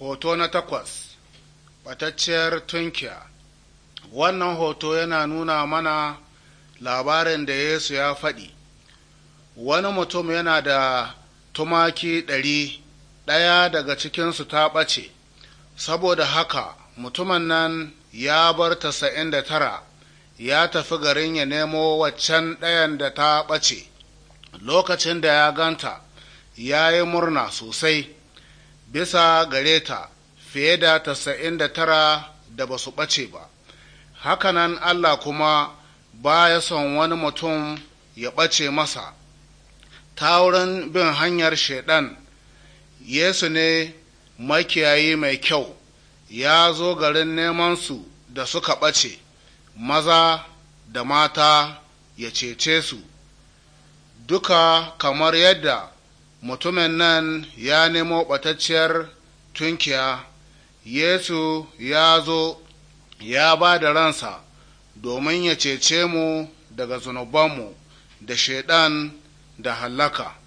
Hoto na takwas, ɓatacciyar tunkiya. Wannan hoto yana nuna mana labarin da Yesu ya faɗi. Wani mutum yana da tumaki ɗari, ɗaya daga cikinsu ta ɓace, saboda haka mutumin nan ya bar tasa'in da tara, ya tafi garin ya nemo waccan ɗayan da ta ɓace. Lokacin da ya ganta, ya yi murna sosai. bisa gare ta fiye da tasa'in da tara da ba su ɓace ba hakanan Allah kuma ba ya son wani mutum ya ɓace masa ta wurin bin hanyar shaiɗan Yesu ne makiyayi mai kyau ya zo garin nemansu da suka ɓace maza da mata ya cece su duka kamar yadda mutumin nan ya nemo ɓatacciyar tunkiya yesu ya zo ya ba da ransa domin ya cece mu daga zunubanmu da shaiɗan da hallaka